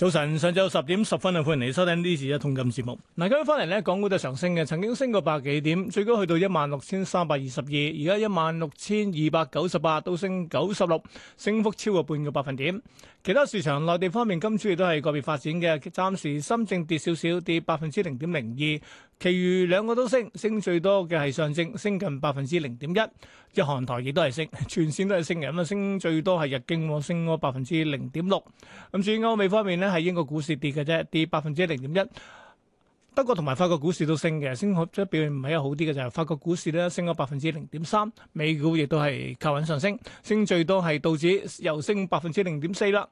早晨，上晝十點十分啊，歡迎嚟收聽呢次嘅通金節目。嗱，今日翻嚟咧，港股就上升嘅，曾經升過百幾點，最高去到一萬六千三百二十二，而家一萬六千二百九十八，都升九十六，升幅超過半個百分點。其他市場內地方面，今次亦都係個別發展嘅，暫時深證跌少少，跌百分之零點零二，其餘兩個都升，升最多嘅係上證，升近百分之零點一，日韓台亦都係升，全線都係升嘅，咁啊，升最多係日經，升咗百分之零點六。咁至於歐美方面咧。係英國股市跌嘅啫，跌百分之零點一。德國同埋法國股市都升嘅，升即係表現唔係一個好啲嘅就係法國股市咧，升咗百分之零點三，美股亦都係靠穩上升，升最多係道指又升百分之零點四啦。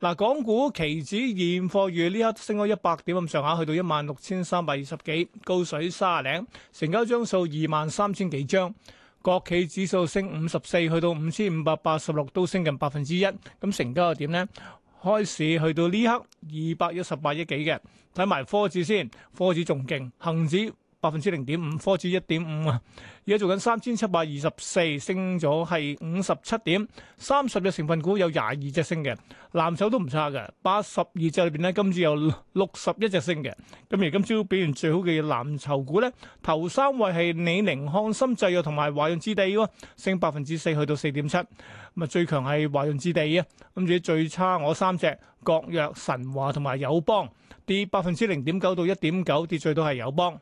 嗱，港股期指現貨月呢一刻升咗一百點咁上下，去到一萬六千三百二十幾，高水卅零，成交張數二萬三千幾張。國企指數升五十四，去到五千五百八十六，都升近百分之一。咁成交又點咧？開始去到呢刻二百一十八億幾嘅，睇埋科指先，科指仲勁，恒指。百分之零點五，科指一點五啊！而家做緊三千七百二十四，升咗係五十七點三十隻成分股有廿二隻升嘅藍籌都唔差嘅，八十二隻裏邊咧今朝有六十一隻升嘅。咁而今朝表現最好嘅藍籌股咧，頭三位係李寧、翰森製藥同埋華潤置地咯，升百分之四去到四點七。咁啊，最強係華潤置地啊，跟住最差我三隻國藥、神華同埋友邦跌百分之零點九到一點九，跌最多係友邦。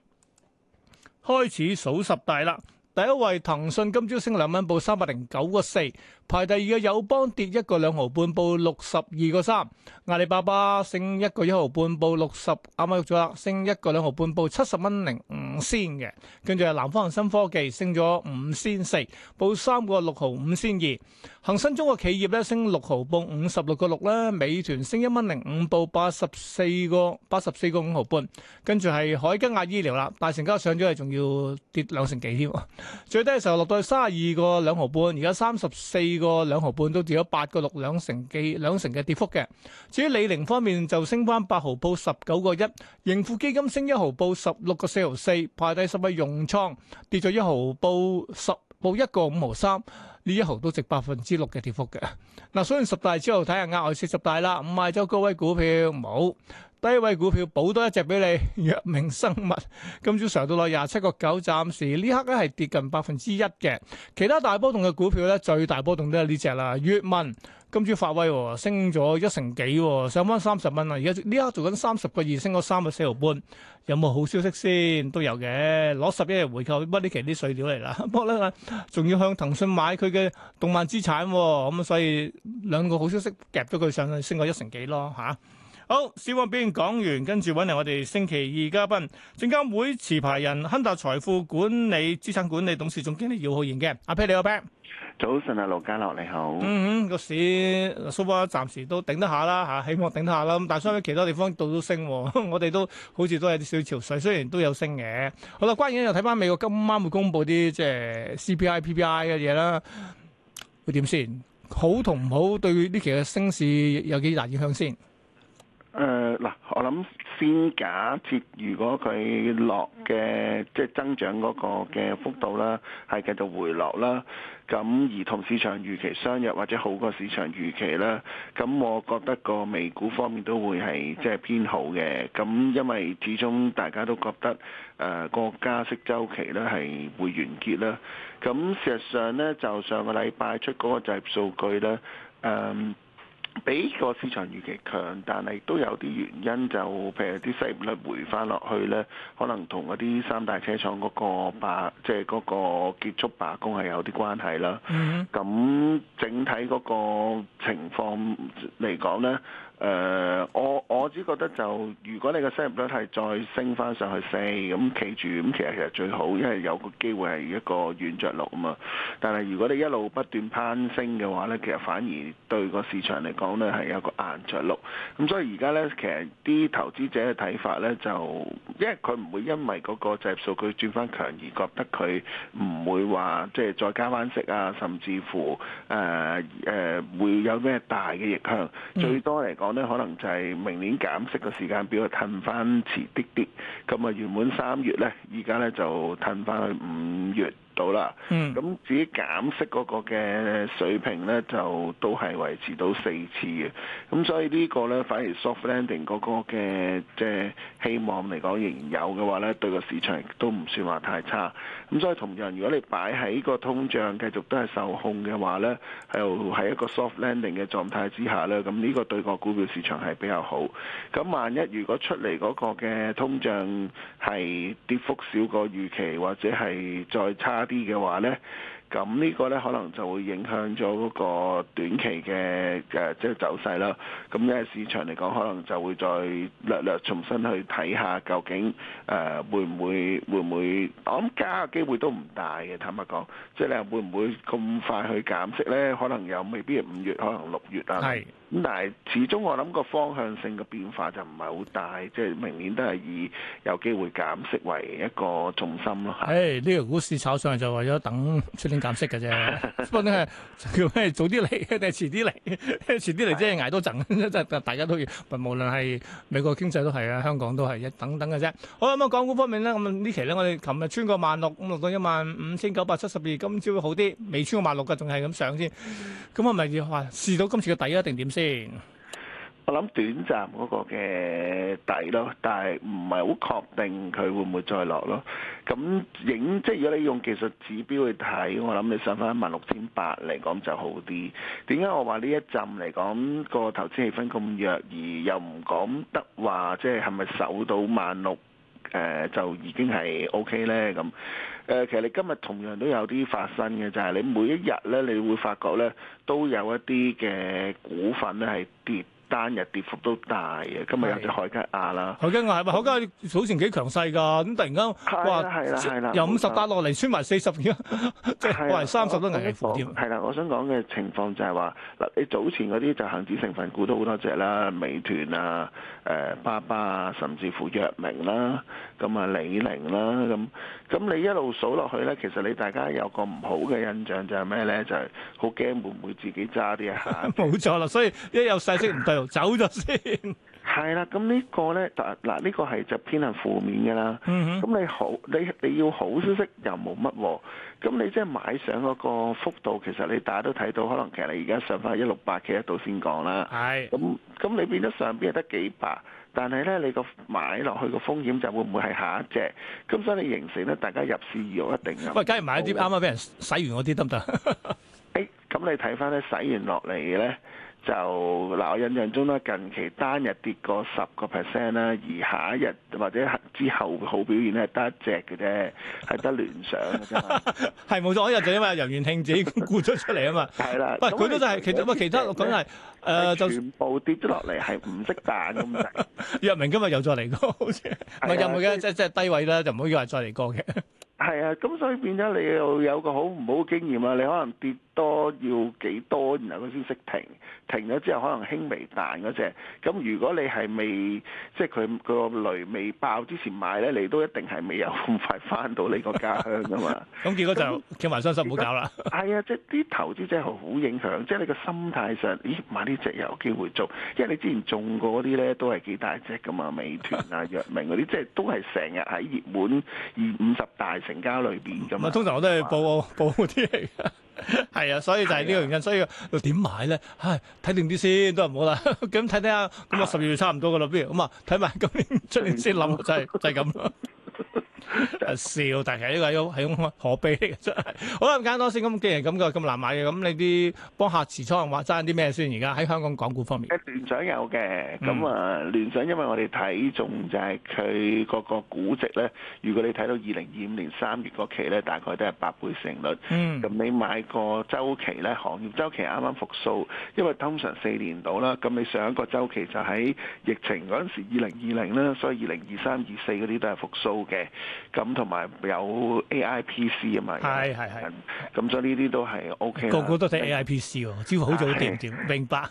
開始數十大啦，第一位騰訊今朝升兩蚊半，報三百零九個四。排第二嘅友邦跌一個兩毫半，報六十二個三；阿里巴巴升一個一毫半，報六十，啱啱喐咗啦，升一個兩毫半，報七十蚊零五仙嘅。跟住係南方恒生科技升咗五仙四，報三個六毫五仙二；恒生中國企業咧升六毫，報五十六個六啦。美團升一蚊零五，報八十四個八十四個五毫半。跟住係海吉亞醫療啦，大成交上咗嚟，仲要跌兩成幾添。最低嘅時候落到三十二個兩毫半，而家三十四。呢個兩毫半都跌咗八個六兩成幾兩成嘅跌幅嘅。至於李寧方面就升翻八毫，報十九個一，盈富基金升一毫，報十六個四毫四，排第十位用倉跌咗一毫報十，報一個五毫三，呢一毫都值百分之六嘅跌幅嘅。嗱，所以十大之後睇下額外四十大啦，唔賣咗高位股票唔好。低位股票補多一隻俾你，藥明生物今朝上到落廿七個九，暫時呢刻咧係跌近百分之一嘅。其他大波動嘅股票咧，最大波動都係呢隻啦。閱文今朝發威、哦，升咗一成幾、哦，上翻三十蚊啦。而家呢刻做緊三十個二，升咗三蚊四毫半。有冇好消息先？都有嘅，攞十一日回購，屈啲其啲碎料嚟啦。不過咧，仲要向騰訊買佢嘅動漫資產、哦，咁所以兩個好消息夾咗佢上去，升咗一成幾咯嚇。啊好，市況表現講完，跟住揾嚟我哋星期二嘉賓，證監會持牌人亨達財富管理資產管理董事總經理姚浩然嘅。阿 Peter 你好 Peter 早晨啊，盧家樂，你好。嗯嗯，個市蘇波暫時都頂得下啦吓，希望頂得下啦。咁但係相比其他地方到都升， 我哋都好似都有啲小潮勢，雖然都有升嘅。好啦，關鍵又睇翻美國今晚會公布啲即係 C P I P P I 嘅嘢啦，會點先？好同唔好，對呢期嘅升市有幾大影響先？誒嗱、呃，我諗先假設，如果佢落嘅即係增長嗰個嘅幅度啦，係繼續回落啦，咁而同市場預期相若或者好過市場預期啦，咁我覺得個美股方面都會係即係偏好嘅，咁因為始終大家都覺得誒個加息週期咧係會完結啦，咁事實上呢，就上個禮拜出嗰個就業數據咧，誒、呃。比個市場預期強，但係都有啲原因，就譬如啲失業率回翻落去呢，可能同嗰啲三大車廠嗰個罷，即係嗰個結束罷工係有啲關係啦。咁整體嗰個情況嚟講呢。誒、呃，我我只覺得，就如果你個收入率係再升翻上去四，咁企住，咁其實其實最好，因為有個機會係一個軟着陸啊嘛。但係如果你一路不斷攀升嘅話咧，其實反而對個市場嚟講咧係一個硬着陸。咁所以而家咧，其實啲投資者嘅睇法咧，就因為佢唔會因為嗰個就業數據轉翻強而覺得佢唔會話即係再加翻息啊，甚至乎誒誒、呃呃、會有咩大嘅逆向，最多嚟講。我咧可能就係明年減息嘅時間表啊，褪翻遲啲啲，咁啊原本三月咧，而家咧就褪翻去五月。到啦，嗯，咁至於減息嗰個嘅水平呢，就都係維持到四次嘅，咁所以呢個呢，反而 soft landing 嗰個嘅即係希望嚟講仍有嘅話呢，對個市場亦都唔算話太差。咁所以同樣，如果你擺喺個通脹繼續都係受控嘅話呢，又喺一個 soft landing 嘅狀態之下呢，咁呢個對個股票市場係比較好。咁萬一如果出嚟嗰個嘅通脹係跌幅少過預期，或者係再差，啲嘅話咧，咁呢個呢，可能就會影響咗嗰個短期嘅嘅即係走勢啦。咁呢市場嚟講，可能就會再略略重新去睇下究竟誒會唔會會唔會，我諗加嘅機會都唔大嘅。坦白講，即係你會唔會咁快去減息呢？可能又未必，五月，可能六月啊。咁但係始終我諗個方向性嘅變化就唔係好大，即、就、係、是、明年都係以有機會減息為一個重心咯。誒、哎，呢、這個股市炒上嚟就為咗等出年減息嘅啫。 不過係叫咩早啲嚟定係遲啲嚟？遲啲嚟即係捱多陣即係。係大家都要。無論係美國經濟都係啊，香港都係一等等嘅啫。 好啦，咁、嗯、啊，港股方面呢，咁呢期呢，嗯、我哋琴日穿過萬六、嗯，咁落到一萬五千九百七十二，今朝會好啲，未穿過萬六嘅，仲係咁上先。咁我咪要話試到今次嘅底一定點？先，我諗短暫嗰個嘅底咯，但係唔係好確定佢會唔會再落咯。咁影即係如果你用技術指標去睇，我諗你上翻一萬六千八嚟講就好啲。點解我話呢一浸嚟講個投資氣氛咁弱而又唔講得話，即係係咪守到萬六？誒、呃、就已經係 O K 咧。咁，誒、呃、其實你今日同樣都有啲發生嘅，就係、是、你每一日咧，你會發覺咧都有一啲嘅股份咧係跌。單日跌幅都大嘅，今日有隻海吉亞啦。海吉亞係咪海吉亞早前幾強勢㗎？咁突然間嘩係啦係啦，又五十跌落嚟，穿埋四十， 即係破三十都難嘅。係啦，我想講嘅情況就係話嗱，你早前嗰啲就恒指成分股都好多隻啦，美團啊、誒、巴巴啊，甚至乎藥明啦、啊。咁啊李寧啦，咁咁你一路數落去咧，其實你大家有個唔好嘅印象就係咩咧？就係好驚會唔會自己揸啲啊！冇 錯啦，所以一有細息唔對路 走咗先。係啦，咁呢、這個咧，嗱呢個係就偏向負面嘅啦。咁、嗯、哼你好，你你要好消息又冇乜喎。咁你即係買上嗰個幅度，其實你大家都睇到，可能其實你而家上翻一六八，企喺度先講啦。係。咁咁你變咗上邊得幾百？但係咧，你個買落去個風險就會唔會係下一隻？咁所以你形成咧，大家入市要一定。喂，梗係買啲啱啱俾人洗完嗰啲得唔得？行 咁、哎、你睇翻咧，洗完落嚟咧就嗱，我印象中咧近期單日跌過十個 percent 啦，而下一日或者之後好表現咧，係得一隻嘅啫，係得聯想嘅啫，係冇 錯，一日就因為楊元慶自己估咗出嚟啊嘛，係啦， 佢都就係其實喂，其他咁係就全部跌咗落嚟係唔識賺咁滯， 若明今日又再嚟過，好似。又唔係嘅，即係即係低位啦，就唔好話再嚟過嘅。係啊，咁、嗯、所以變咗你又有個好唔好嘅經驗啊？你可能跌多要幾多，然後佢先識停。停咗之後，可能輕微彈嗰隻。咁、嗯、如果你係未即係佢個雷未爆之前買咧，你都一定係未有咁快翻到你個家鄉噶嘛。咁、 嗯、結果就傾埋傷心，唔好搞啦。係啊實，哎、呀即係啲投資者好影響， 即係你個心態上，咦買呢隻有機會做，因為你之前中過嗰啲咧都係幾大隻噶嘛，美團啊、藥明嗰啲，即係都係成日喺熱門二五十大，大。成交裏邊咁啊，通常我都係報哇報啲嚟嘢，係 啊，所以就係呢個原因。啊、所以要點買咧？唉，睇定啲先，都唔好啦。咁睇睇下，咁啊十二月差唔多噶啦，啊、不如咁啊，睇埋今年出年先諗、 就係，就係就係咁啦。 啊、笑，但係呢個係 可悲真係。好啦，唔緊多先。咁既然咁嘅，咁難買嘅，咁你啲幫客人持倉話爭啲咩先？而家喺香港港股方面，聯想有嘅。咁啊、嗯，聯想因為我哋睇中就係佢嗰個估值咧。如果你睇到二零二五年三月嗰期咧，大概都係八倍市盈率。咁、嗯、你買個週期咧，行業週期啱啱復蘇，因為通常、um、四年到啦。咁你上一個週期就喺疫情嗰陣時，二零二零啦，所以二零二三、二四嗰啲都係復蘇嘅。咁同埋有 AIPC 啊嘛，係係係，咁所以呢啲都係 O.K. 個個都睇 AIPC 喎，似乎的好早都掂掂，明白。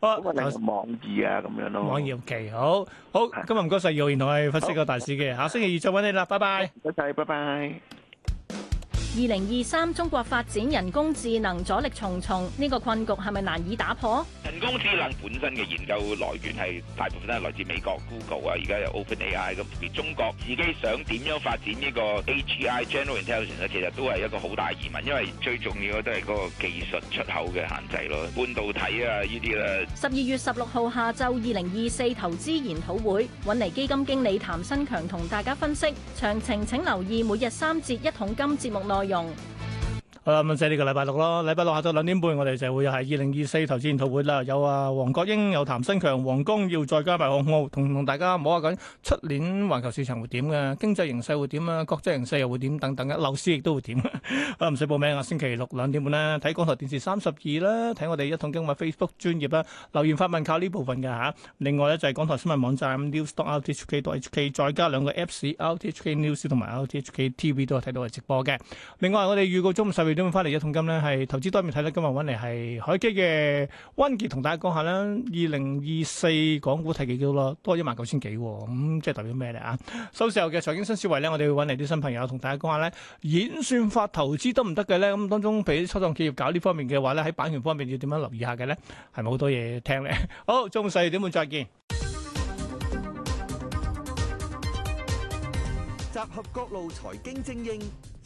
哦 好，網易啊咁樣咯，網易 OK，好、啊、謝謝好，今日唔該曬，姚浩然同我分析個大市嘅，下星期二再揾你啦，拜拜，唔該曬，拜拜。二零二三中國發展人工智能阻力重重，呢個困局係咪難以打破？人工智能本身嘅研究來源係大部分都係來自美國 Google 啊，而家有 OpenAI 咁。而中國自己想點樣發展呢個 AGI General Intelligence 咧，其實都係一個好大疑問，因為最重要嘅都係嗰個技術出口嘅限制咯，半導體啊呢啲啦。十二月十六號下晝二零二四投資研討會，揾嚟基金經理譚新強同大家分析詳情，請留意每日三節一桶金節目內。用。好啦，咁即係呢個禮拜六咯，禮拜六下晝兩點半，我哋就會又係二零二四投資研討會啦，有阿黃國英，有譚新強，黃江耀再加埋王浩，同同大家摸下緊出年環球市場會點嘅，經濟形勢會點啊，國際形勢又會點等等嘅，樓市亦都會點啊，唔使報名啊，星期六兩點半咧，睇港台電視三十二啦，睇我哋一統經文 Facebook 專業啦，留言發問靠呢部分嘅吓，另外咧就係港台新聞網站 news.rthk.hk，再加兩個 Apps，rthknews 同埋 rthktv 都係睇到係直播嘅，另外我哋預告中午十二。點樣翻嚟一桶金咧？係投資多面睇咧，今日搵嚟係凱基嘅温傑同大家講下啦。二零二四港股睇幾多咯？19, 多一萬九千幾，咁、嗯、即係代表咩咧啊？收市後嘅財經新思維咧，我哋會搵嚟啲新朋友同大家講下咧，演算法投資得唔得嘅咧？咁當中俾初創企業搞呢方面嘅話咧，喺版權方面要點樣留意下嘅咧？係咪好多嘢聽咧？好，中午四點半再見。集合各路財經精英。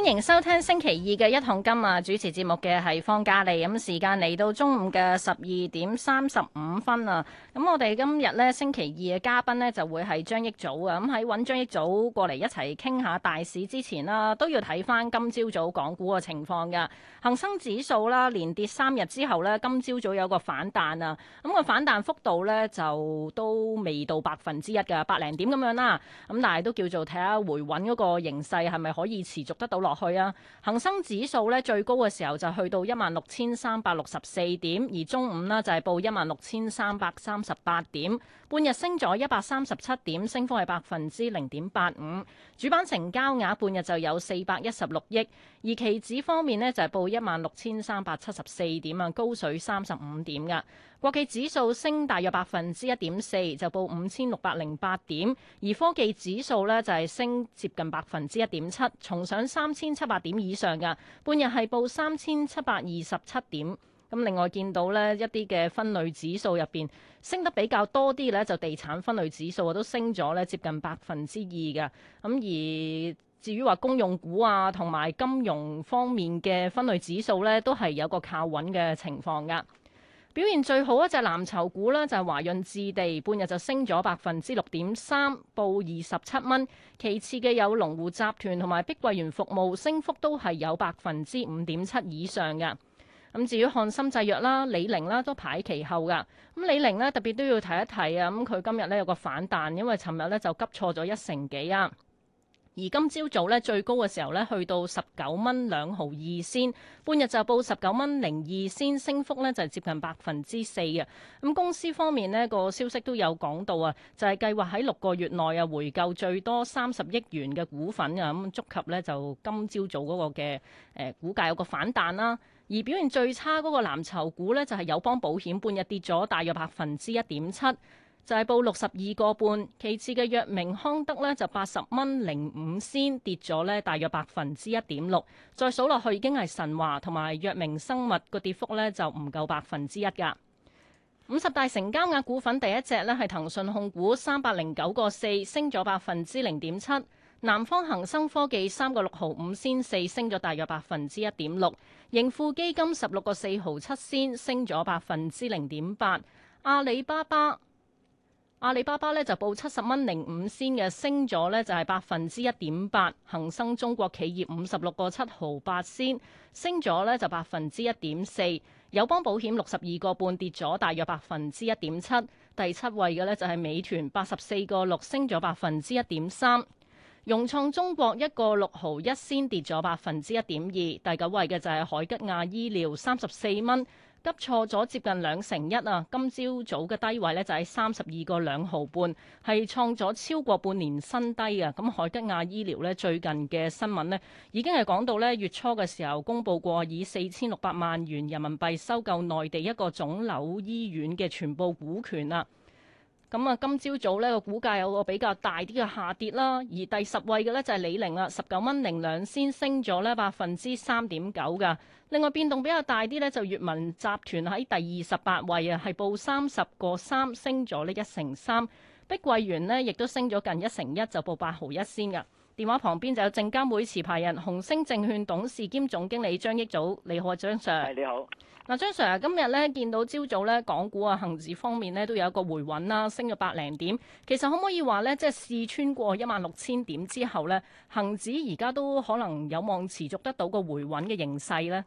歡迎收聽星期二嘅一桶金啊！主持節目嘅係方嘉莉，咁時間嚟到中午嘅十二點三十五分啦。咁我哋今日咧星期二嘅嘉賓呢，就會係張益祖啊。咁喺揾張益祖過嚟一齊傾下大市之前啦，都要睇翻今朝早，早港股嘅情況噶。恒生指數啦，連跌三日之後呢，今朝早，早有個反彈啊。咁個反彈幅度呢，就都未到百分之一噶，百零點咁樣啦。咁但係都叫做睇下回穩嗰個形勢係咪可以持續得到落落去啊！恒生指數咧，最高嘅時候就去到一萬六千三百六十四點，而中午呢就係報一萬六千三百三十八點。半日升咗一百三十七點，升幅係百分之零點八五。主板成交額半日就有四百一十六億，而期指方面呢，就係報一萬六千三百七十四點啊，高水三十五點嘅。國企指數升大約百分之一點四，就報五千六百零八點，而科技指數呢，就係升接近百分之一點七，重上三千七百點以上嘅。半日係報三千七百二十七點。咁另外見到咧一啲嘅分類指數入邊升得比較多啲咧，就地產分類指數都升咗咧，接近百分之二㗎。咁而至於話公用股啊，同埋金融方面嘅分類指數咧，都係有個靠穩嘅情況㗎。表現最好一隻藍籌股啦，就係華潤置地，半日就升咗百分之六點三，報二十七蚊。其次嘅有龍湖集團同埋碧桂園服務，升幅都係有百分之五點七以上㗎。咁至於翰森製藥啦、李寧啦，都排其後㗎。咁李寧呢，特別都要提一提啊，咁佢今日咧有個反彈，因為尋日咧就急挫咗一成幾啊。而今朝早咧最高嘅時候咧去到十九蚊兩毫二仙，半日就報十九蚊零二仙，升幅咧就係接近百分之四嘅。咁公司方面呢，個消息都有講到啊，就係計劃喺六個月內啊回購最多三十億元嘅股份啊。咁觸及咧就今朝早嗰個嘅誒、呃、股價有個反彈啦。而表現最差嗰個藍籌股呢，就係友邦保險，半日跌咗大約百分之一點七，就係報六十二個半。其次嘅藥明康德呢，就八十蚊零五仙跌咗呢大約百分之一點六。再數落去已經係神華同埋藥明生物個跌幅呢，就唔夠百分之一㗎。五十大成交額股份第一隻呢，係騰訊控股三百零九個四，升咗百分之零點七。南方恒生科技三個六毫五仙四升咗，大約百分之一點六。盈富基金十六個四毫七仙升咗百分之零點八。阿里巴巴阿里巴巴呢就報七十蚊零五仙嘅，升咗呢就係百分之一點八。恒生中國企業五十六個七毫八仙升咗呢就百分之一點四。友邦保險六十二個半跌咗大約百分之一點七。第七位嘅呢就係美團八十四個六升咗百分之一點三。融創中國一個六毫一先跌咗百分之一點二，第九位嘅就係海吉亞醫療三十四蚊，急挫咗接近兩成一啊！今朝早嘅低位呢，就喺三十二個兩毫半，係創咗超過半年新低啊。咁海吉亞醫療呢，最近嘅新聞呢已經係講到呢月初嘅時候公布過以四千六百萬元人民幣收購內地一個腫瘤醫院嘅全部股權啦。咁啊，今朝早呢個股價有個比較大啲嘅下跌啦，而第十位嘅呢，就係李寧啦，十九蚊零兩仙升咗呢百分之三點九㗎。另外變動比較大啲呢，就粵文集團喺第二十八位啊，係報三十個三，升咗呢一成三。碧桂園呢，亦都升咗近一成一，就報八毫一仙㗎。電話旁邊就有證監會持牌人紅星證券董事兼總經理張益祖，你好，張 Sir。你好。嗱， 張 Sir 今日咧見到朝早咧港股啊，恆指方面咧都有一個回穩啦，升咗百零點。其實可唔可以話咧，即係試穿過一萬六千點之後咧，恒指而家都可能有望持續得到個回穩嘅形勢咧？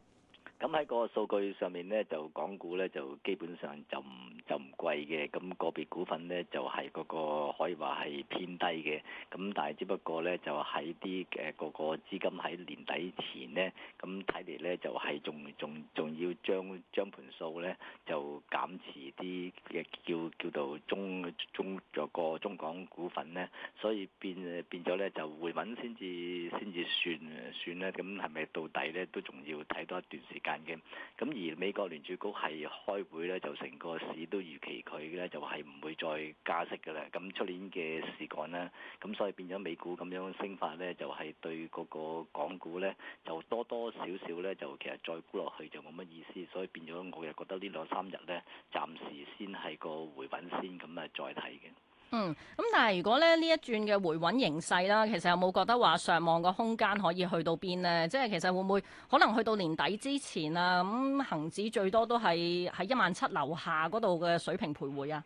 咁喺個數據上面咧，就港股咧就基本上就唔就唔貴嘅，咁個別股份咧就係嗰個可以話係偏低嘅，咁但係只不過咧就喺啲誒個個資金喺年底前咧，咁睇嚟咧就係仲仲仲要將將盤數咧就減持啲嘅叫叫做中中著個中港股份咧，所以變變咗咧就回穩先至先至算算咧，咁係咪到底咧都仲要睇多一段時間？嘅，咁而美國聯儲局係開會咧，就成個市都預期佢咧就係唔會再加息嘅啦。咁出年嘅市況咧，咁所以變咗美股咁樣升法咧，就係對嗰個港股咧就多多少少咧就其實再沽落去就冇乜意思。所以變咗我又覺得呢兩三日咧，暫時先係個回穩先，咁啊再睇嘅。嗯，咁但係如果咧呢一轉嘅回穩形勢啦，其實有冇覺得話上望個空間可以去到邊咧？即係其實會唔會可能去到年底之前啊？咁、嗯、恒指最多都係喺一萬七樓下嗰度嘅水平徘徊啊？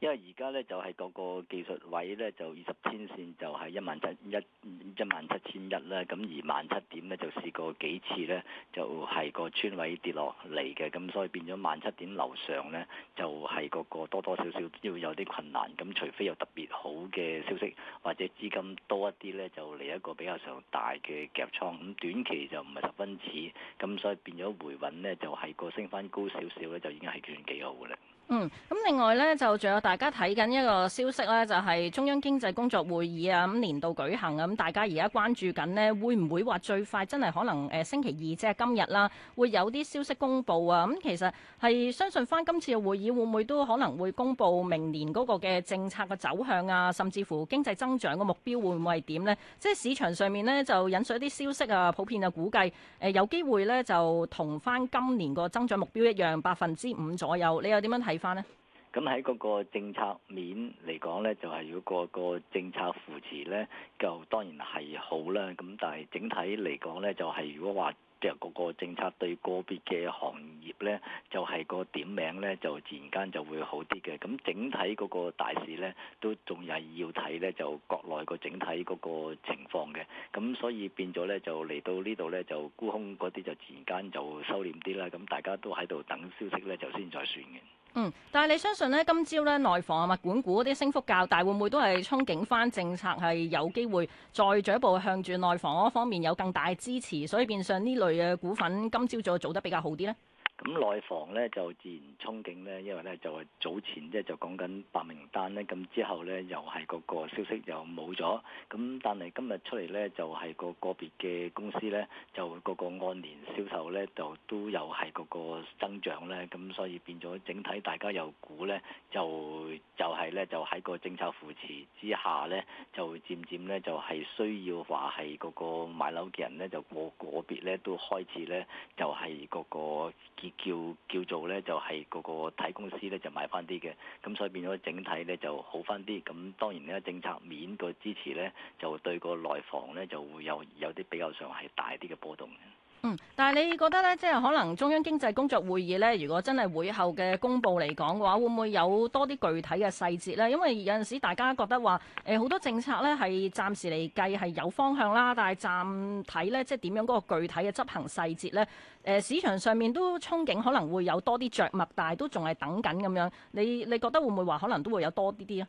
因為而家咧就係個個技術位咧就二十天線就係一萬七一一萬七千一啦，咁而萬七點咧就試過幾次咧，就係個穿位跌落嚟嘅，咁所以變咗萬七點樓上咧就係個個多多少少要有啲困難，咁除非有特別好嘅消息或者資金多一啲咧，就嚟一個比較上大嘅夾倉，咁短期就唔係十分似，咁所以變咗回穩咧就係個升翻高少少咧就已經係算幾好啦。嗯，咁另外咧就仲有大家睇緊一個消息咧，就係、是、中央經濟工作會議啊，咁、嗯、年度舉行，啊、嗯，咁大家而家關注緊咧，會唔會話最快真係可能誒、呃、星期二即係今日啦，會有啲消息公布啊？咁、嗯、其實係相信翻今次嘅會議會唔會都可能會公布明年嗰個嘅政策嘅走向啊，甚至乎經濟增長嘅目標會唔會係點咧？即係市場上面咧就引述一啲消息啊，普遍嘅估計誒、呃、有機會咧就同翻今年個增長目標一樣百分之五左右。你又點樣睇？睇咁喺嗰個政策面嚟講呢，就係如果個政策扶持呢，就當然係好啦。咁但係整體嚟講呢，就係如果話即係嗰個政策對個別嘅行業呢，就係個點名呢，就自然間就會好啲嘅。咁整體嗰個大市呢，都仲係要睇呢，就國內個整體嗰個情況嘅。咁所以變咗呢，就嚟到呢度呢，就沽空嗰啲就自然間就收斂啲啦。咁大家都喺度等消息呢，就先再算嘅。嗯，但係你相信咧，今朝咧內房啊物管股啲升幅較大，會唔會都係憧憬翻政策係有機會再進一步向住內房方面有更大支持，所以變相呢類嘅股份今朝早做得比較好啲呢？咁內房咧就自然憧憬咧，因為咧就係早前即係就講緊白名單咧，咁之後咧又係個個消息又冇咗，咁但係今日出嚟咧就係、是、個個別嘅公司咧，就個個按年銷售咧就都又係個個增長咧，咁所以變咗整體大家又估咧就就係、是、咧就喺個政策扶持之下咧，就漸漸咧就係、是、需要話係個個買樓嘅人咧就個個別咧都開始咧就係、是、個個結。叫叫做咧就係、是、個個睇公司咧就買翻啲嘅，咁所以變咗整體咧就好翻啲，咁當然咧政策面個支持咧就對個內房咧就會有有啲比較上係大啲嘅波動。嗯，但係你覺得咧，即係可能中央經濟工作會議咧，如果真係會後嘅公佈嚟講嘅話，會唔會有多啲具體嘅細節咧？因為有陣時大家覺得話，誒、呃、好多政策咧係暫時嚟計係有方向啦，但係暫睇咧即係點樣嗰個具體嘅執行細節咧？誒、呃、市場上面都憧憬可能會有多啲着墨，但係都仲係等緊咁樣。你你覺得會唔會話可能都會有多啲啲啊？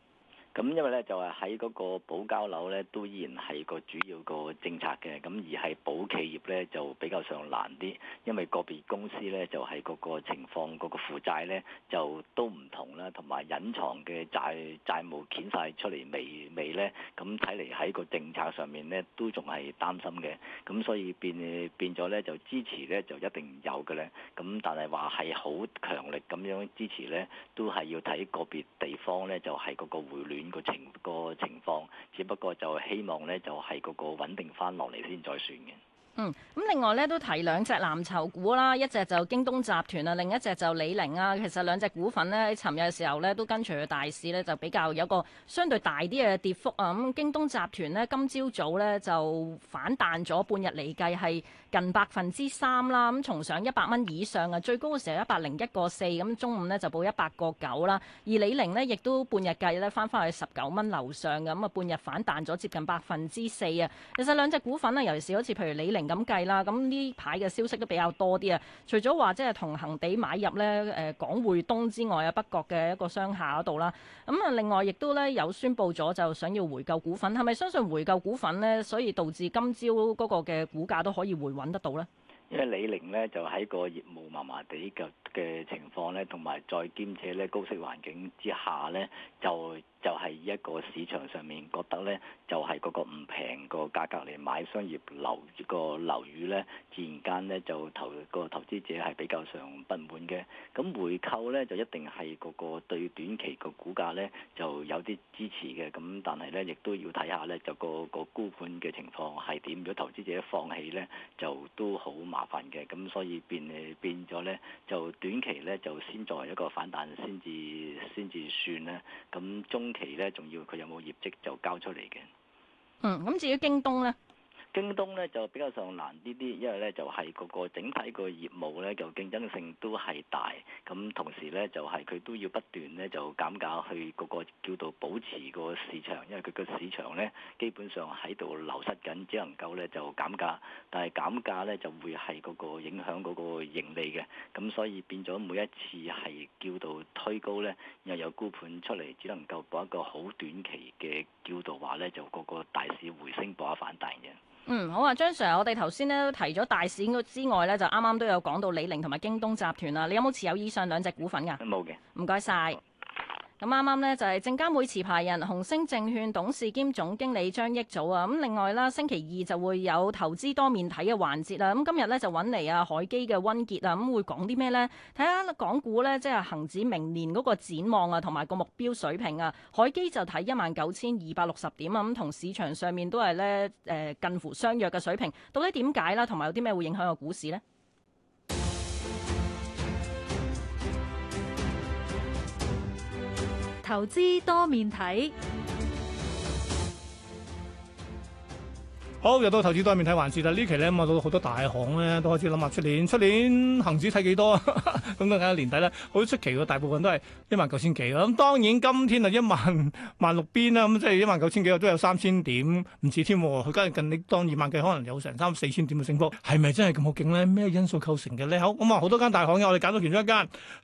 咁因為咧就係喺嗰個保交樓咧都依然係個主要個政策嘅，咁而係保企業咧就比較上難啲，因為個別公司咧就係、是、嗰個情況嗰、那個負債咧就都唔同啦，同埋隱藏嘅債債務遣晒出嚟未未咧，咁睇嚟喺個政策上面咧都仲係擔心嘅，咁所以變變咗咧就支持咧就一定有嘅咧，咁但係話係好強力咁樣支持咧都係要睇個別地方咧就係、是、嗰個回暖。個情個情況，只不過就希望咧，就係嗰個穩定翻落嚟先，再算嘅。嗯，咁另外咧都提兩隻藍籌股啦，一隻就京東集團啊，另一隻就李寧啊。其實兩隻股份咧，喺尋日嘅時候咧都跟隨住大市咧，就比較有個相對大啲嘅跌幅啊。咁、嗯、京東集團咧，今朝早咧就反彈咗半日嚟計係近百分之三啦。咁、嗯、重上一百蚊以上啊，最高嘅時候一百零一個四，咁中午咧就報一百個九啦。而李寧呢，亦都半日計咧翻返去十九蚊樓上咁啊、嗯、半日反彈咗接近百分之四啊。其實兩隻股份咧，尤其是好似譬如李寧。咁計啦，咁呢排嘅消息都比較多啲啊。除咗話即係同恒地買入咧，誒港匯東之外啊，北角嘅一個商廈嗰度啦。咁啊，另外亦都咧有宣布咗就想要回購股份，係咪相信回購股份咧，所以導致今朝嗰個嘅股價都可以回穩得到咧？因為李寧咧就喺個業務麻麻地嘅嘅情況咧，同埋再兼且咧高息環境之下咧就。就係一個市場上面覺得呢，就係、是、個個唔平個價格嚟買商業樓、那個樓宇呢，自然間呢，就投、那個投資者係比較上不滿嘅。咁回購呢，就一定係個個對短期個股價呢就有啲支持嘅。咁但係呢，亦都要睇下呢，就、那個個沽盤嘅情況係點。如果投資者放棄呢，就都好麻煩嘅。咁所以變變咗呢，就短期呢，就先作為一個反彈先至先至算啦。咁中期咧，仲要佢有冇業績就交出嚟嘅。嗯，咁至於京東咧。京東咧就比較上難啲啲，因為咧就係個個整體個業務咧就競爭性都係大，咁同時咧就係、是、佢都要不斷咧就減價去個個叫做保持個市場，因為佢個市場咧基本上喺度流失緊，只能夠咧就減價，但係減價咧就會係嗰個影響嗰個盈利嘅，咁所以變咗每一次係叫到推高咧又有沽盤出嚟，只能夠博一個好短期嘅叫做話咧就嗰個大市回升博一反彈嘅。嗯，好啊，張 Sir，我哋頭先都提咗大市之外呢就啱啱都有講到李寧同埋京東集團啊。你有冇持有以上兩隻股份㗎？冇嘅，唔該晒。咁啱啱咧就係證監會持牌人紅星證券董事兼總經理張益祖啊，咁另外啦，星期二就會有投資多面睇嘅環節啦。咁今日咧就揾嚟啊，海基嘅溫傑啊，咁會講啲咩咧？睇下港股咧，即係恆指明年嗰個展望啊，同埋個目標水平啊。海基就睇一萬九千二百六十點啊，咁同市場上面都係咧誒近乎相若嘅水平。到底點解啦？同埋有啲咩會影響個股市咧？投資多面睇。好，又到投資多面睇環指啦。期呢期咧咁啊，到好多大行咧都開始諗下出年，出年恆指睇幾多？咁都睇下年底咧，好出奇喎！大部分都係一萬九千幾啦。咁當然今天就一萬萬六邊啦，咁即係一萬九千幾，都有三千點，唔止添。佢今日近你當二萬幾，可能有成三四千點嘅升幅。係咪真係咁好勁咧？咩因素構成嘅咧？好，咁啊好多間大行嘅，我哋揀到其中一間，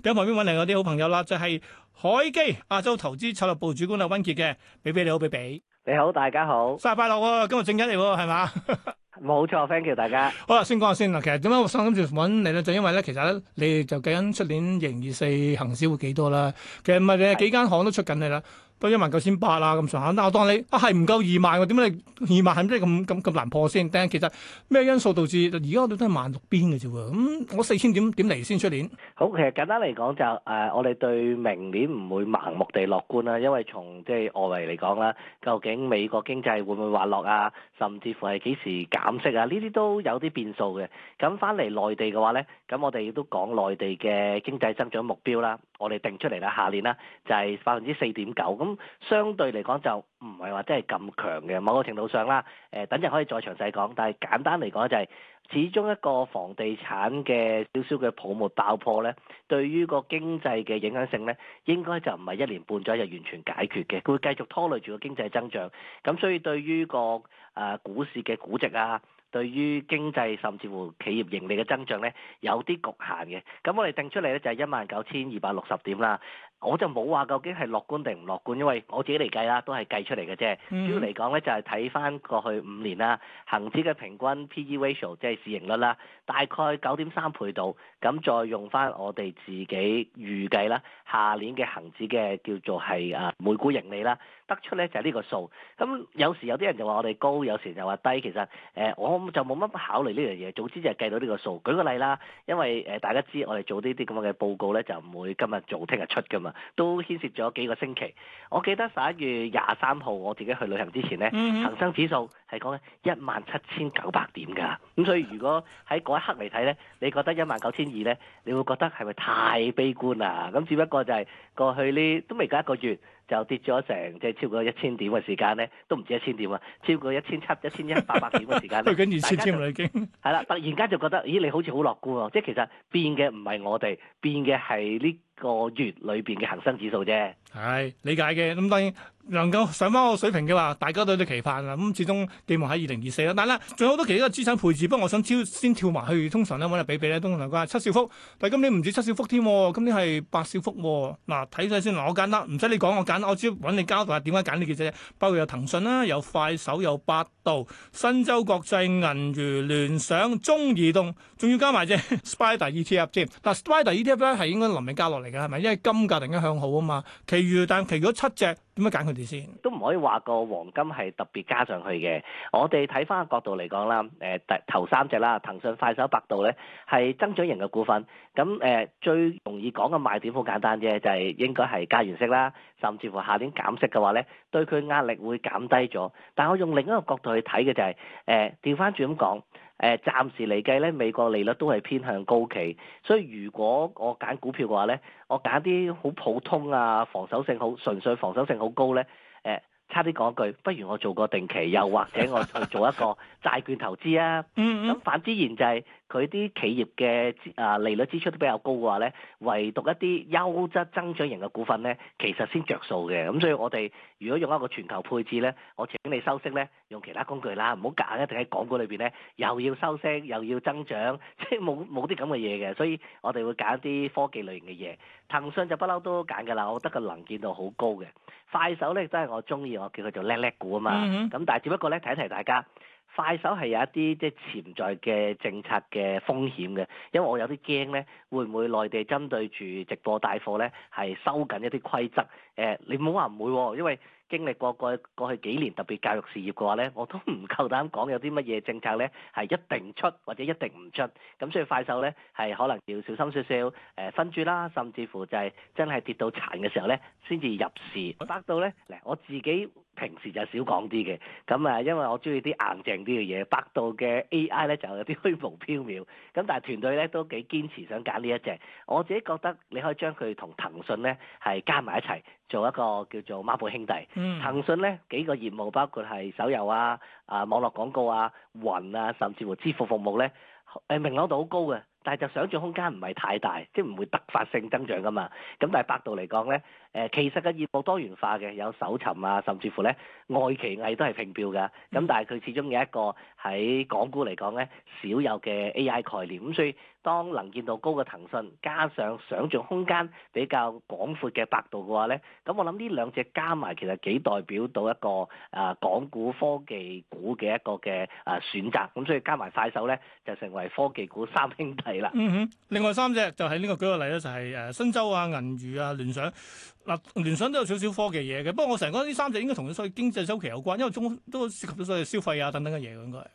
喺旁邊揾嚟我啲好朋友啦，就係、是、凱基亞洲投資策略部主管阿温傑嘅，俾俾你好比比。你好，大家好，生日快樂喎！今日正一嚟喎，係嘛？冇錯，thank you 大家。好啦，先講下先。其實點解我心諗住揾你咧？就因為咧，其實咧，你就計緊出年盈二四恒指會幾多啦。其實唔係，幾間行都出緊你啦。多一萬九千八啊，咁上下。但我當你啊係唔夠二萬喎？點解你二萬係唔知咁咁咁難破先？但其實咩因素導致而家我哋都係萬六邊嘅啫喎？咁、嗯、我四千點點嚟先出年？好，其實簡單嚟講就誒、是呃，我哋對明年唔會盲目地樂觀啦。因為從即係外圍嚟講啦，究竟美國經濟會唔會滑落啊？甚至乎係幾時減息啊？呢啲都有啲變數嘅。咁翻嚟內地嘅話咧，咁我哋亦都講內地嘅經濟增長目標啦，我哋定出嚟啦，下年啦就係百分之四點九咁。相對嚟講就唔係話真係咁強嘅，某個程度上啦，誒、呃，等陣可以再詳細講。但係簡單嚟講就係、是，始終一個房地產嘅，少少嘅泡沫爆破呢，對於個經濟嘅影響性呢，應該就唔係一年半載就完全解決嘅，佢會繼續拖累住個經濟增長。咁所以對於個誒、呃、股市嘅估值啊，對於經濟甚至乎企業盈利嘅增長呢，有啲局限嘅。咁我哋定出嚟呢，就係一萬九千二百六十點啦。我就冇話究竟係樂觀定唔樂觀，因為我自己嚟計啦，都係計出嚟嘅啫。主要嚟講呢，就係睇翻過去五年啦，恒指嘅平均 P/E ratio，即係市盈率啦，大概九點三倍度。咁再用翻我哋自己預計啦，下年嘅恒指嘅叫做係啊每股盈利啦。得出咧就係、是、呢個數，咁有時有啲人就話我哋高，有時就話低。其實誒、呃，我就冇乜考慮呢樣嘢，總之就係計到呢個數。舉個例啦，因為誒、呃、大家知我哋做呢啲咁嘅報告咧，就唔會今日做，聽日出噶嘛，都牽涉咗幾個星期。我記得十一月廿三號，我自己去旅行之前咧，恒、mm hmm. 生指數係講一萬七千九百點㗎。咁所以如果喺嗰一刻嚟睇咧，你覺得一萬九千二咧，你會覺得係咪太悲觀啊？咁只不過就係過去呢都未夠一個月。就跌咗成即係超過一千點嘅時間咧，都唔止一千點啊，超過一千七、一千一八百點嘅時間，追緊二千添啦已經。係啦， 突然間就覺得咦，你好似好樂觀喎！即係其實變嘅唔係我哋，變嘅係呢。個月裏邊嘅恒生指數啫，係理解嘅。咁當然能夠上翻個水平嘅話，大家都有啲期盼啦。咁始終期望喺二零二四啦。但係啦，仲有好多其他資產配置。不過我想超先跳埋去，通常咧揾嚟比個比咧，通常嚟講七小福。但係今年唔止七小福添，今年係八小福。嗱，睇晒先。嗱，我揀得，唔使你講，我揀。我只要揾你交代下點解揀呢幾隻，包括有騰訊啦，有快手，有百度、新洲國際、銀娛、聯想、中移動，仲要加埋隻 Sp。Spider ETF 添。嗱，Spider ETF 咧係應該臨尾加落嚟。係咪？因為金價突然間向好啊嘛，其餘但係其餘嗰七隻。點樣揀佢哋先？都唔可以話個黃金係特別加上去嘅。我哋睇翻個角度嚟講啦，誒、呃、頭三隻啦，騰訊、快手、百度咧係增長型嘅股份。咁誒、呃、最容易講嘅賣點好簡單啫，就係、是、應該係加完息啦，甚至乎下年減息嘅話咧，對佢壓力會減低咗。但係我用另一個角度去睇嘅就係誒，調翻轉咁講，誒、呃呃、暫時嚟計咧，美國利率都係偏向高企，所以如果我揀股票嘅話咧，我揀啲好普通啊，防守性好純粹防守性。好高呢，差啲講句，不如我做個定期，又或者我去做一個債券投資啊。咁反之然就係。 佢啲企業嘅資啊利率支出都比較高嘅話咧，唯獨一啲優質增長型嘅股份咧，其實先着數嘅。咁所以我哋如果用一個全球配置咧，我請你收息咧，用其他工具啦，唔好夾硬一定喺港股裏邊咧又要收息又要增長，即係冇冇啲咁嘅嘢嘅。所以我哋會揀啲科技類型嘅嘢，騰訊就不嬲都揀㗎啦，我覺得個能見度好高嘅。快手咧亦都係我中意，我叫佢做叻叻股啊嘛。咁、mm hmm. 但係只不過咧，提一提大家。快手係有一啲即係潛在嘅政策嘅風險嘅，因為我有啲驚咧，會唔會內地針對住直播帶貨咧係收緊一啲規則？誒、呃，你唔好話唔會喎，因為。經歷過過過去幾年特別教育事業嘅話呢，我都唔夠膽講有啲乜嘢政策呢係一定出或者一定唔出。咁所以快手呢係可能要小心少少，誒、分注啦，甚至乎就係真係跌到殘嘅時候呢，先至入市。百度呢，嗱，我自己平時就少講啲嘅，咁啊，因為我中意啲硬淨啲嘅嘢。百度嘅 AI 呢就有啲虛無縹緲，咁但係團隊呢都幾堅持想揀呢一隻。我自己覺得你可以將佢同騰訊呢係加埋一齊做一個叫做孖寶兄弟。騰訊咧幾個業務，包括係手遊啊、啊網絡廣告啊、雲啊，甚至乎支付服務咧，誒，明朗度好高嘅，但係就想象空間唔係太大，即係唔會突發性增長噶嘛。咁但係百度嚟講咧。誒其實嘅業務多元化嘅，有搜尋啊，甚至乎咧愛奇藝都係併表㗎。咁但係佢始終有一個喺港股嚟講咧少有嘅 AI 概念。咁所以當能見到高嘅騰訊，加上想像空間比較廣闊嘅百度嘅話咧，咁我諗呢兩隻加埋其實幾代表到一個啊、呃、港股科技股嘅一個嘅啊選擇。咁所以加埋快手咧就成為科技股三兄弟啦。嗯哼，另外三隻就係呢個舉個例咧，就係、是、誒、呃、新洲啊、銀娛啊、聯想。嗱，聯想都有少少科技嘢嘅，不過我成日覺得呢三隻應該同佢經濟周期有關，因為中都涉及咗所謂消費啊等等嘅嘢嘅應該係。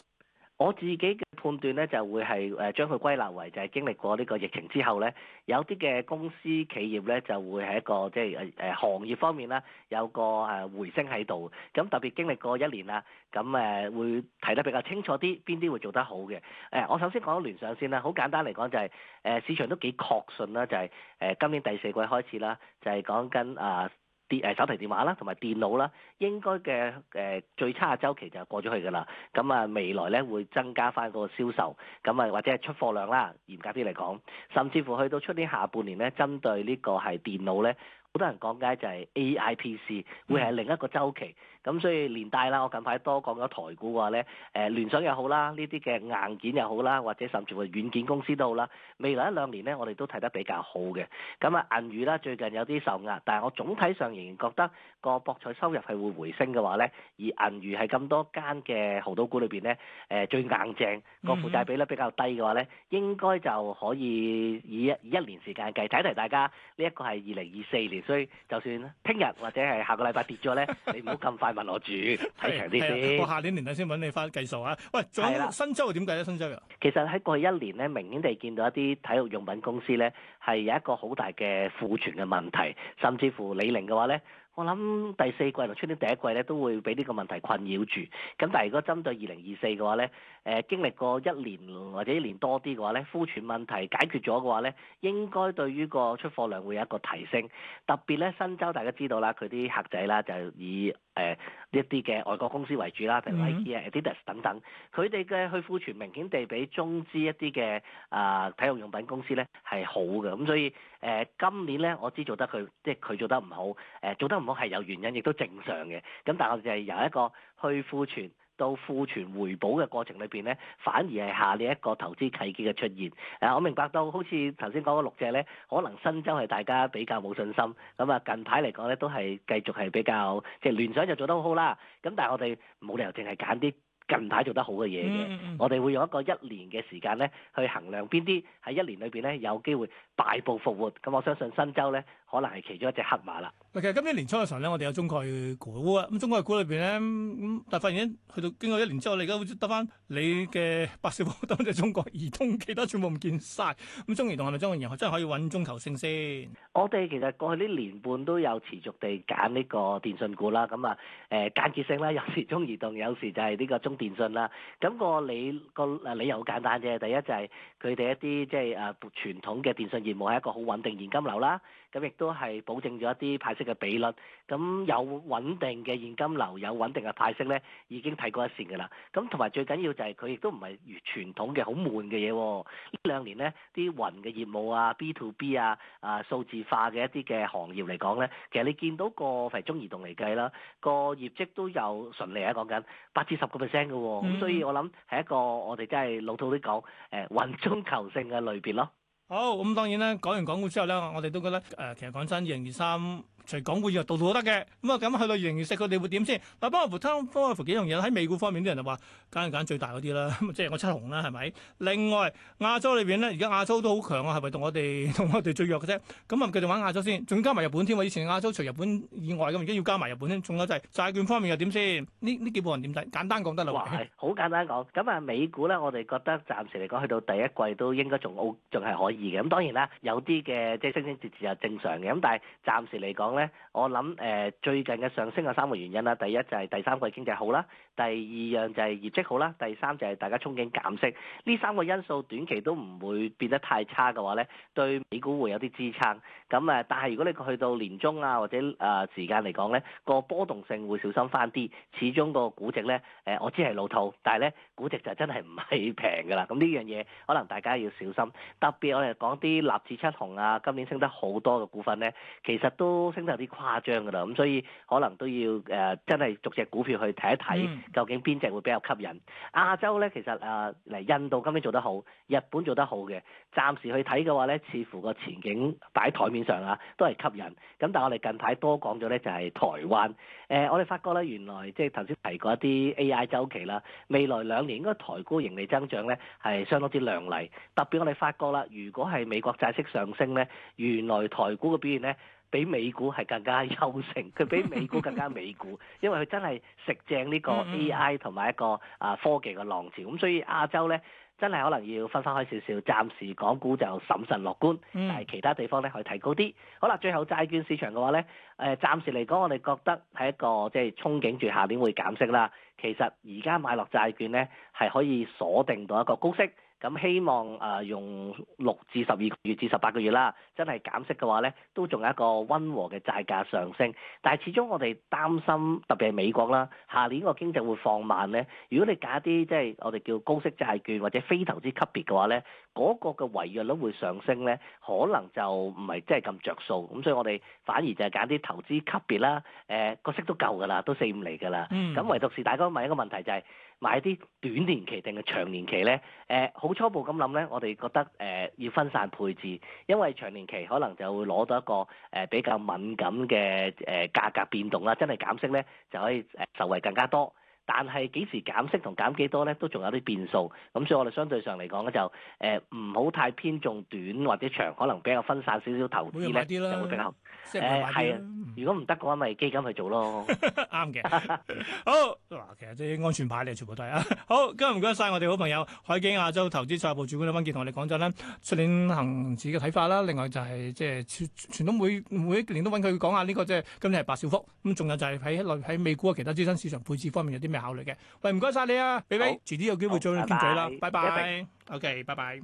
我自己嘅判斷咧，就會係誒將佢歸納為就係經歷過呢個疫情之後咧，有啲嘅公司企業咧，就會喺一個即係誒誒行業方面啦，有個誒回升喺度。咁特別經歷過一年啊，咁誒會睇得比較清楚啲，邊啲會做得好嘅？誒，我首先講聯想先啦。好簡單嚟講就係誒市場都幾確信啦，就係誒今年第四季開始啦，就係講緊啊。啲誒手提電話啦，同埋電腦啦，應該嘅誒最差嘅周期就係過咗去㗎啦。咁啊，未來咧會增加翻嗰個銷售，咁啊或者係出貨量啦。嚴格啲嚟講，甚至乎去到出年下半年咧，針對呢個係電腦咧，好多人講解就係 AIPC 會係另一個周期。咁所以連帶啦，我近排多講咗台股嘅話咧，誒、呃、聯想又好啦，呢啲嘅硬件又好啦，或者甚至乎軟件公司都好啦。未來一兩年咧，我哋都睇得比較好嘅。咁啊銀娛啦，最近有啲受壓，但係我總體上仍然覺得個博彩收入係會回升嘅話咧，而銀娛係咁多間嘅濠賭股裏邊咧，誒、呃、最硬淨，個負債比率比較低嘅話咧，應該就可以以一,一年時間計，睇提大家呢一、呢個係二零二四年，所以就算聽日或者係下個禮拜跌咗咧，你唔好咁快。 問我住睇平啲，我下年年底先問你翻計數啊！喂，仲有新洲又點計咧？新洲又其實喺過去一年咧，明顯地見到一啲體育用品公司咧係有一個好大嘅庫存嘅問題，甚至乎李寧嘅話咧，我諗第四季同出年第一季咧都會俾呢個問題困擾住。咁但係如果針對二零二四嘅話咧，誒、呃、經歷過一年或者一年多啲嘅話咧，庫存問題解決咗嘅話咧，應該對於個出貨量會有一個提升。特別咧，新洲大家知道啦，佢啲客仔啦就以誒呢一啲嘅外國公司為主啦，譬如 Nike、Adidas 等等，佢哋嘅去庫存明顯地比中資一啲嘅啊體育用品公司咧係好嘅，咁、嗯、所以誒、呃、今年咧我知做得佢，即係佢做得唔好，誒、呃、做得唔好係有原因，亦都正常嘅，咁但我哋就係由一個去庫存。到庫存回補嘅過程裏邊咧，反而係下列一個投資契機嘅出現。誒、啊，我明白到好似頭先講嘅六隻咧，可能新洲係大家比較冇信心。咁啊，近排嚟講咧，都係繼續係比較即係、就是、聯想就做得好好啦。咁但係我哋冇理由淨係揀啲近排做得好嘅嘢嘅，嗯嗯嗯我哋會用一個一年嘅時間咧去衡量邊啲喺一年裏邊咧有機會敗部復活。咁我相信新洲咧可能係其中一隻黑馬啦。其實今年年初嘅時候咧，我哋有中概股啊，咁中概股裏邊咧，咁、嗯、但係發現呢去到經過一年之後，你而家得翻你嘅百兆，得翻啲中國移動，其他全部唔見晒。咁中移動係咪將來仍然真係可以穩中求勝先？我哋其實過去呢年半都有持續地揀呢個電信股啦，咁啊誒間接性啦，有時中移動，有時就係呢個中電信啦。咁、那個理個理由好簡單啫，第一就係佢哋一啲即係誒傳統嘅電信業務係一個好穩定現金流啦。咁亦都係保證咗一啲派息嘅比率，咁有穩定嘅現金流，有穩定嘅派息咧，已經睇過一線㗎啦。咁同埋最緊要就係佢亦都唔係傳統嘅好悶嘅嘢。哦、兩呢兩年咧，啲雲嘅業務啊，B to B 啊，啊數字化嘅一啲嘅行業嚟講咧，其實你見到個，譬如中移動嚟計啦，個業績都有順利啊，講緊八至十個 percent 嘅，咁、哦嗯、所以我諗係一個我哋真係老土啲講，誒、呃、雲中求勝嘅類別咯。好，咁當然啦，講完港股之後咧，我哋都覺得，誒、呃，其實講真，二零二三。除港股以外，度度都得嘅。咁、嗯、啊，咁去到二零二四，佢哋會點先？嗱，包括，包括幾樣嘢。喺美股方面，啲人就話揀一揀最大嗰啲啦，即 係我七雄啦，係咪？另外亞洲裏邊咧，而家亞洲都好強啊，係咪同我哋同我哋最弱嘅啫？咁、嗯、啊，繼續玩亞洲先，仲加埋日本添、啊、喎。以前亞洲除日本以外咁，而家要加埋日本先、啊。仲有就係、是、債券方面又點先？呢呢幾部分點睇？簡單講得啦。哇，好 簡單講。咁啊，美股咧，我哋覺得暫時嚟講，去到第一季都應該仲好，仲係可以嘅。咁當然啦，有啲嘅即係升升跌跌係正常嘅。咁但係暫時嚟講。我諗誒、呃，最近嘅上升有三個原因啦。第一就係第三季經濟好啦，第二樣就係業績好啦，第三就係大家憧憬減息。呢三個因素短期都唔會變得太差嘅話呢，對美股會有啲支撐。咁誒，但係如果你去到年中啊或者誒、呃、時間嚟講呢，個波動性會小心翻啲。始終個估值呢，誒、呃，我知係老套，但係呢估值就真係唔係平噶啦。咁呢樣嘢可能大家要小心。特別我哋講啲立志七雄啊，今年升得好多嘅股份呢，其實都升。有啲誇張噶啦，咁所以可能都要誒，真係逐隻股票去睇一睇，究竟邊隻會比較吸引？亞洲呢，其實誒嚟印度今年做得好，日本做得好嘅，暫時去睇嘅話呢，似乎個前景擺喺台面上啊，都係吸引。咁但係我哋近排多講咗呢，就係台灣。誒、呃，我哋發覺呢，原來即係頭先提過一啲 AI 周期啦，未來兩年應該台股盈利增長呢係相當之亮麗。特別我哋發覺啦，如果係美國債息上升呢，原來台股嘅表現呢，比美股係更加優勝，佢比美股更加美股，因為佢真係食正呢個 AI 同埋一個啊科技嘅浪潮，咁所以亞洲呢真係可能要分，分開少少，暫時港股就審慎樂觀，但係其他地方呢可以提高啲。好啦，最後債券市場嘅話呢，誒、呃、暫時嚟講，我哋覺得係一個即係、就是、憧憬住下年會減息啦。其實而家買落債券呢係可以鎖定到一個高息。咁希望誒、呃、用六至十二個月至十八個月啦，真係減息嘅話咧，都仲有一個溫和嘅債價上升。但係始終我哋擔心，特別係美國啦，下年個經濟會放慢咧。如果你揀啲即係我哋叫高息債券或者非投資級別嘅話咧，嗰、那個嘅違約率會上升咧，可能就唔係即係咁着數。咁所以我哋反而就係揀啲投資級別啦。誒、呃、個息都夠噶啦，都四五厘噶啦。咁、嗯、唯獨是大家問一個問題，就是，就係。買啲短年期定係長年期呢？誒、呃，好初步咁諗呢，我哋覺得誒、呃、要分散配置，因為長年期可能就會攞到一個誒、呃、比較敏感嘅誒、呃、價格變動啦，真係減息呢，就可以受惠更加多。但係幾時減息同減幾多咧，都仲有啲變數。咁、嗯、所以我哋相對上嚟講咧，就誒唔好太偏重短或者長，可能比較分散少少投資咧，就會比較誒係啊。呃、如果唔得嘅話，咪基金去做咯。啱嘅，好。嗱。其實啲安全牌你又全部都係啊。 好，今日唔該晒我哋好朋友海景亞洲投資策劃部主管李文傑同我哋講咗啦，出年恆指嘅睇法啦。另外就係、是、即係全全、每年都揾佢講下呢、這個即係今年係白小福。咁仲有就係喺內喺美股嘅其他資產市場配置方面有啲咩？考慮嘅，喂，唔該晒你啊，肥肥，遲啲好有機會再傾偈啦，好拜拜，OK，拜拜。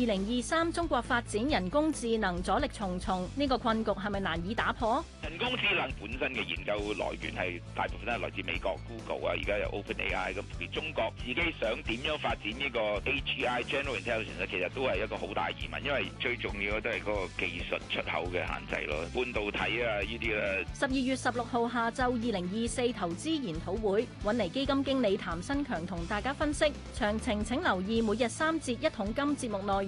二零二三中國發展人工智能阻力重重，呢個困局係咪難以打破？人工智能本身嘅研究來源係大部分都係來自美國 Google 啊，而家有 OpenAI 咁。而中國自己想點樣發展呢個 AGI（general intelligence） 咧，其實都係一個好大疑問，因為最重要嘅都係嗰個技術出口嘅限制咯，半導體啊呢啲咧。十二月十六號下晝二零二四投資研討會，搵嚟基金經理譚新強同大家分析詳情，請留意每日三節一桶金節目內。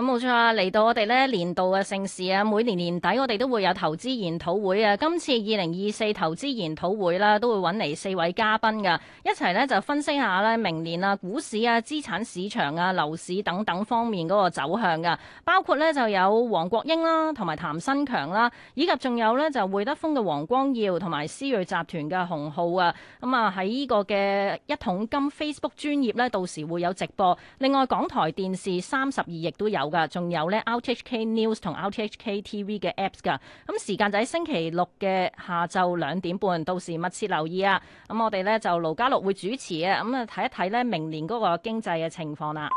咁冇錯啊！嚟到我哋咧年度嘅盛事啊，每年年底我哋都會有投資研討會啊。今次二零二四投資研討會啦，都會揾嚟四位嘉賓噶，一齊咧就分析下咧明年啊股市啊資產市場啊樓市等等方面嗰個走向噶。包括咧就有黃國英啦，同埋譚新強啦，以及仲有咧就會德豐嘅黃光耀同埋思睿集團嘅洪浩啊。咁啊，喺呢個嘅一桶金 Facebook 專頁咧，到時會有直播。另外港台電視三十二亦都有。仲有咧 RTHK News 同 RTHK TV 嘅 apps 噶。咁時間就喺星期六嘅下晝兩點半，到時密切留意啊。咁我哋咧就盧嘉樂會主持啊。咁啊，睇一睇咧明年嗰個經濟嘅情況啦。